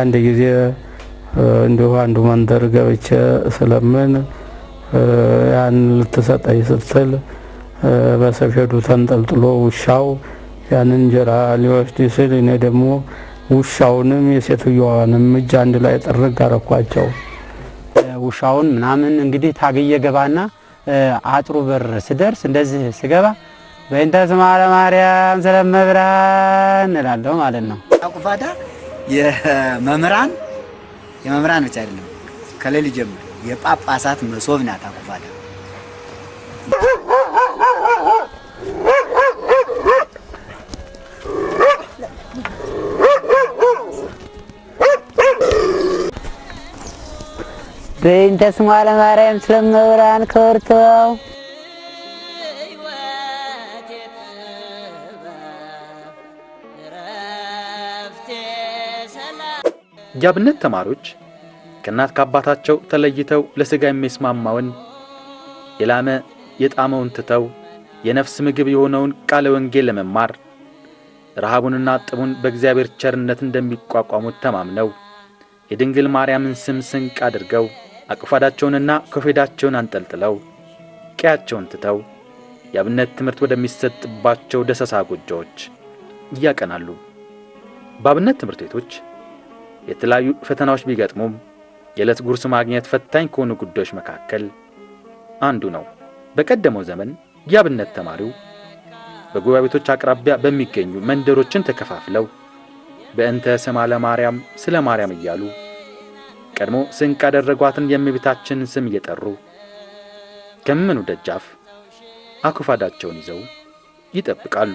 አንድ ጊዜ እንዲሁ አንዱ መንደር ገብቼ ስለምን ያን ልትሰጠኝ ስትል በሰፌዱ ተንጠልጥሎ ውሻው ያንን እንጀራ ሊወስድ ሲል እኔ ደግሞ ውሻውንም የሴትዮዋንም እጅ አንድ ላይ ጥርግ አረኳቸው። ውሻውን ምናምን እንግዲህ ታግዬ ገባና አጥሩ በር ስደርስ እንደዚህ ስገባ በእንተ ስማ ማርያም ስለመብራን እላለሁ ማለት ነው። የመምህራን የመምህራን ብቻ አይደለም፣ ከሌል ጀምር የጳጳሳት መሶብ ናት አኩፋለ በእንተ ስማ ለማርያም ስለመብራን ከወርተው የአብነት ተማሪዎች ከእናት ከአባታቸው ተለይተው ለሥጋ የሚስማማውን የላመ የጣመውን ትተው የነፍስ ምግብ የሆነውን ቃለ ወንጌል ለመማር ረሃቡንና ጥሙን በእግዚአብሔር ቸርነት እንደሚቋቋሙት ተማምነው የድንግል ማርያምን ስም ስንቅ አድርገው አቅፋዳቸውንና ኮፌዳቸውን አንጠልጥለው ቀያቸውን ትተው የአብነት ትምህርት ወደሚሰጥባቸው ደሰሳ ጎጆዎች እያቀናሉ። በአብነት ትምህርት ቤቶች የተለያዩ ፈተናዎች ቢገጥሙም የዕለት ጉርስ ማግኘት ፈታኝ ከሆኑ ጉዳዮች መካከል አንዱ ነው። በቀደመው ዘመን የአብነት ተማሪው በጉባኤ ቤቶች አቅራቢያ በሚገኙ መንደሮችን ተከፋፍለው በእንተ ስማ ለማርያም ስለ ማርያም እያሉ ቀድሞ ስንቅ ያደረጓትን የእመቤታችንን ስም እየጠሩ ከምኑ ደጃፍ አኩፋዳቸውን ይዘው ይጠብቃሉ።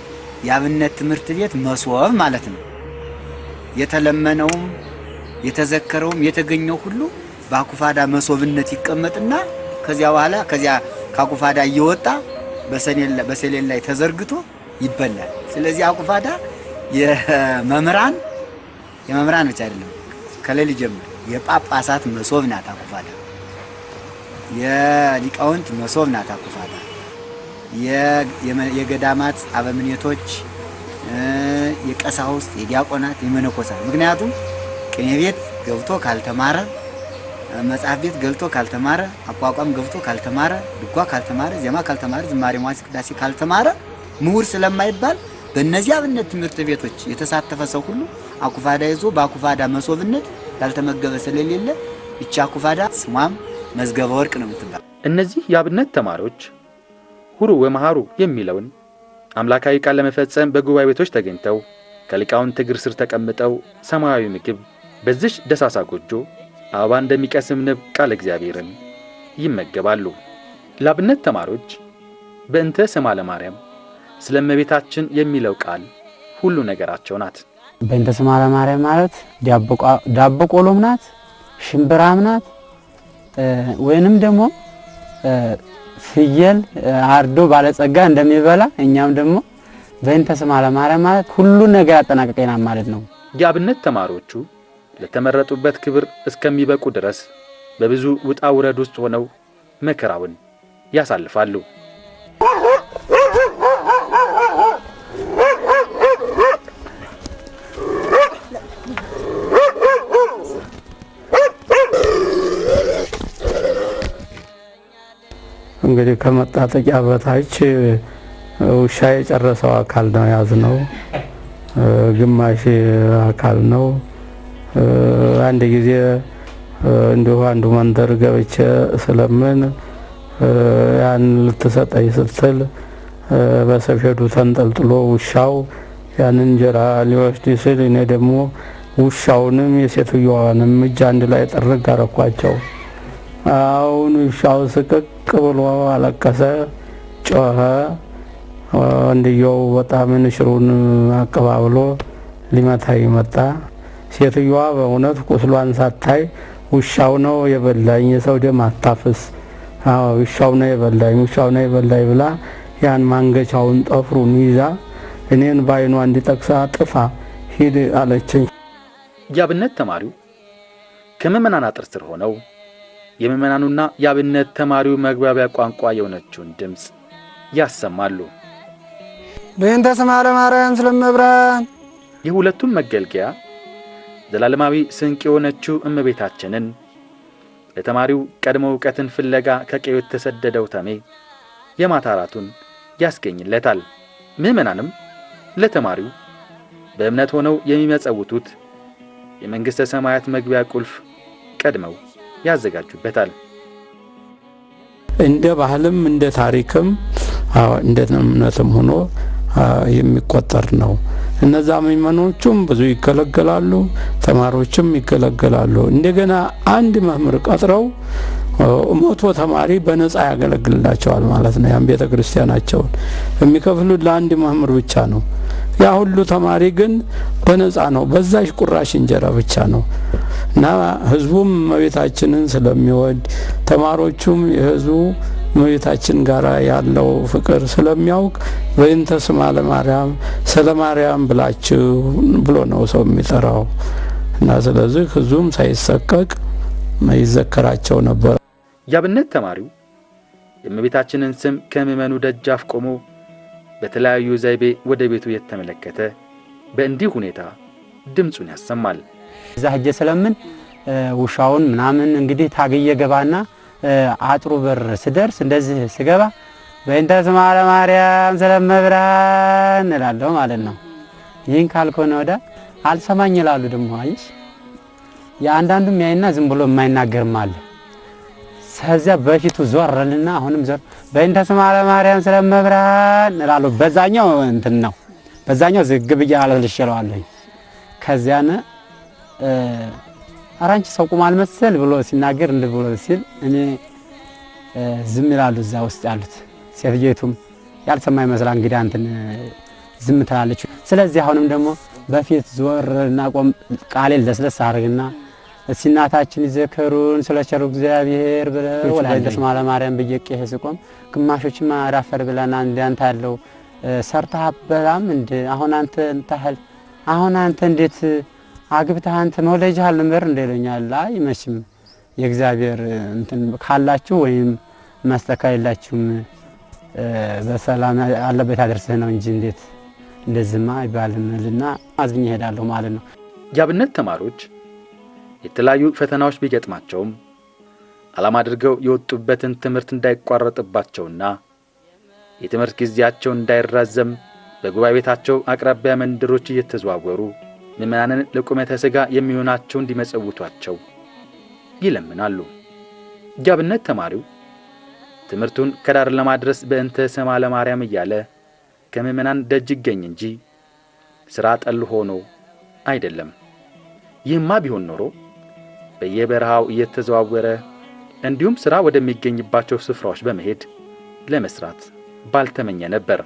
የአብነት ትምህርት ቤት መሶብ ማለት ነው። የተለመነውም የተዘከረውም የተገኘው ሁሉ በአኩፋዳ መሶብነት ይቀመጥና ከዚያ በኋላ ከዚያ ከአኩፋዳ እየወጣ በሰሌን ላይ ተዘርግቶ ይበላል። ስለዚህ አኩፋዳ የመምህራን የመምህራን ብቻ አይደለም፣ ከሌሊት ጀምሮ የጳጳሳት መሶብ ናት አኩፋዳ። የሊቃውንት መሶብ ናት አኩፋዳ። የገዳማት አበምኔቶች፣ የቀሳውስት፣ የዲያቆናት፣ የመነኮሳት ምክንያቱም ቅኔ ቤት ገብቶ ካልተማረ መጽሐፍ ቤት ገብቶ ካልተማረ አቋቋም ገብቶ ካልተማረ ድጓ ካልተማረ ዜማ ካልተማረ ዝማሬ መዋሥዕ ቅዳሴ ካልተማረ ምሁር ስለማይባል በእነዚህ አብነት ትምህርት ቤቶች የተሳተፈ ሰው ሁሉ አኩፋዳ ይዞ በአኩፋዳ መሶብነት ያልተመገበ ስለሌለ ይቺ አኩፋዳ ስሟም መዝገበ ወርቅ ነው የምትባል። እነዚህ የአብነት ተማሪዎች ሁሩ ወመሃሩ የሚለውን አምላካዊ ቃል ለመፈጸም በጉባኤ ቤቶች ተገኝተው ከሊቃውንት እግር ስር ተቀምጠው ሰማያዊ ምግብ በዚች ደሳሳ ጎጆ አበባ እንደሚቀስም ንብ ቃል እግዚአብሔርን ይመገባሉ። ለአብነት ተማሪዎች በእንተ ስማ ለማርያም ስለ እመቤታችን የሚለው ቃል ሁሉ ነገራቸው ናት። በእንተ ስማ ለማርያም ማለት ዳቦ ቆሎም ናት፣ ሽምብራም ናት ወይንም ደግሞ ፍየል አርዶ ባለጸጋ እንደሚበላ እኛም ደግሞ በይን ተስማ ለማርያም ማለት ነገር አጠናቀቀና ማለት ነው። የአብነት ተማሪዎቹ ለተመረጡበት ክብር እስከሚበቁ ድረስ በብዙ ውጣ ውረድ ውስጥ ሆነው መከራውን ያሳልፋሉ። እንግዲህ ከመጣጠቂያ በታች ውሻ የጨረሰው አካል ነው ያዝነው። ግማሽ አካል ነው። አንድ ጊዜ እንዲሁ አንዱ መንደር ገብቼ ስለምን ያን ልትሰጠኝ ስትል በሰፌዱ ተንጠልጥሎ ውሻው ያን እንጀራ ሊወስድ ስል እኔ ደግሞ ውሻውንም የሴትዮዋንም እጅ አንድ ላይ ጠርግ አረኳቸው። አሁን ውሻው ስቅቅ ብሎ አለቀሰ፣ ጮኸ። ወንድየው በጣም ንሽሩን አቀባብሎ ሊመታኝ መጣ። ሴትዮዋ በእውነት ቁስሏን ሳታይ ውሻው ነው የበላኝ፣ የሰው ደም አታፍስ፣ ውሻው ነው የበላኝ፣ ውሻው ነው የበላኝ ብላ ያን ማንገቻውን ጠፍሩን ይዛ እኔን በዓይኗ እንዲጠቅሳ ጥፋ ሂድ አለችኝ። የአብነት ተማሪው ከምዕመናን አጥር ስር ሆነው የምዕመናኑና የአብነት ተማሪው መግባቢያ ቋንቋ የሆነችውን ድምፅ ያሰማሉ። በእንተ ስማ ለማርያም ስለመብራን የሁለቱም መገልገያ ዘላለማዊ ስንቅ የሆነችው እመቤታችንን ለተማሪው ቀድሞ እውቀትን ፍለጋ ከቀዮ የተሰደደው ተሜ የማታራቱን ያስገኝለታል። ምዕመናንም ለተማሪው በእምነት ሆነው የሚመጸውቱት የመንግሥተ ሰማያት መግቢያ ቁልፍ ቀድመው ያዘጋጁበታል። እንደ ባህልም እንደ ታሪክም እንደ እምነትም ሆኖ የሚቆጠር ነው። እነዛ ምእመኖቹም ብዙ ይገለገላሉ፣ ተማሪዎችም ይገለገላሉ። እንደገና አንድ መምህር ቀጥረው ሞቶ ተማሪ በነጻ ያገለግልላቸዋል ማለት ነው። ያን ቤተ ክርስቲያናቸውን የሚከፍሉት ለአንድ መምህር ብቻ ነው። ያ ሁሉ ተማሪ ግን በነጻ ነው፣ በዛሽ ቁራሽ እንጀራ ብቻ ነው እና ህዝቡም እመቤታችንን ስለሚወድ ተማሪዎቹም የህዝቡ እመቤታችን ጋር ያለው ፍቅር ስለሚያውቅ በእንተ ስማ ለማርያም ስለ ማርያም ብላችሁ ብሎ ነው ሰው የሚጠራው እና ስለዚህ ህዝቡም ሳይሰቀቅ ይዘከራቸው ነበር። የአብነት ተማሪው የእመቤታችንን ስም ከምእመኑ ደጃፍ ቆሞ በተለያዩ ዘይቤ ወደ ቤቱ የተመለከተ በእንዲህ ሁኔታ ድምፁን ያሰማል። እዛ ሄጄ ስለምን ውሻውን ምናምን እንግዲህ ታግዬ ገባና አጥሩ በር ስደርስ እንደዚህ ስገባ በእንተ ስማ ለማርያም ስለመብራን እላለሁ ማለት ነው። ይህን ካልኮነ ወዳ አልሰማኝ ይላሉ። ደሞ አይሽ የአንዳንዱም ያይና ዝም ብሎ የማይናገርም አለ ከዚያ በፊቱ ዞርልና አሁንም ዞር በእንተ ስማ ለማርያም ስለመብርሃን እላሉ። በዛኛው እንትን ነው በዛኛው ዝግብ እያለልሽለዋለኝ እለዋለሁ። ከዚያን ኧረ ሰው ቁማል መሰል ብሎ ሲናገር እንድ ብሎ ሲል እኔ ዝም ይላሉ እዛ ውስጥ ያሉት ሴትየቱም ያልሰማ ይመስላ እንግዲያ እንትን ዝም ትላለች። ስለዚህ አሁንም ደግሞ በፊት ዞርና ቆም ቃሌን ለስለስ አድርግና እስቲ እናታችን ይዘከሩን ስለ ቸሩ እግዚአብሔር ብለው ወላዲተ ስማ ማርያም ብዬ ቄሄ ስቆም ግማሾችማ ራፈር ብለን እንዳንተ ያለው ሰርታ በላም እንደ አሁን አንተ እንታህል አሁን አንተ እንዴት አግብታ አንተ መውለጃህ አልምበር እንደ ይለኛል። አይ መቼም የእግዚአብሔር እንትን ካላችሁ ወይም ማስተካከላችሁም በሰላም አለበት አደርስህ ነው እንጂ እንዴት እንደዚህማ አይባልም አዝኝ አዝኜ ማለት ነው። የአብነት ተማሪዎች የተለያዩ ፈተናዎች ቢገጥማቸውም ዓላማ አድርገው የወጡበትን ትምህርት እንዳይቋረጥባቸውና የትምህርት ጊዜያቸው እንዳይራዘም በጉባኤ ቤታቸው አቅራቢያ መንደሮች እየተዘዋወሩ ምዕመናንን ለቁመተ ሥጋ የሚሆናቸው እንዲመጸውቷቸው ይለምናሉ። ጃብነት ተማሪው ትምህርቱን ከዳር ለማድረስ በእንተ ሰማ ለማርያም እያለ ከምዕመናን ደጅ ይገኝ እንጂ ሥራ ጠል ሆኖ አይደለም። ይህማ ቢሆን ኖሮ በየበረሃው እየተዘዋወረ እንዲሁም ሥራ ወደሚገኝባቸው ስፍራዎች በመሄድ ለመሥራት ባልተመኘ ነበር።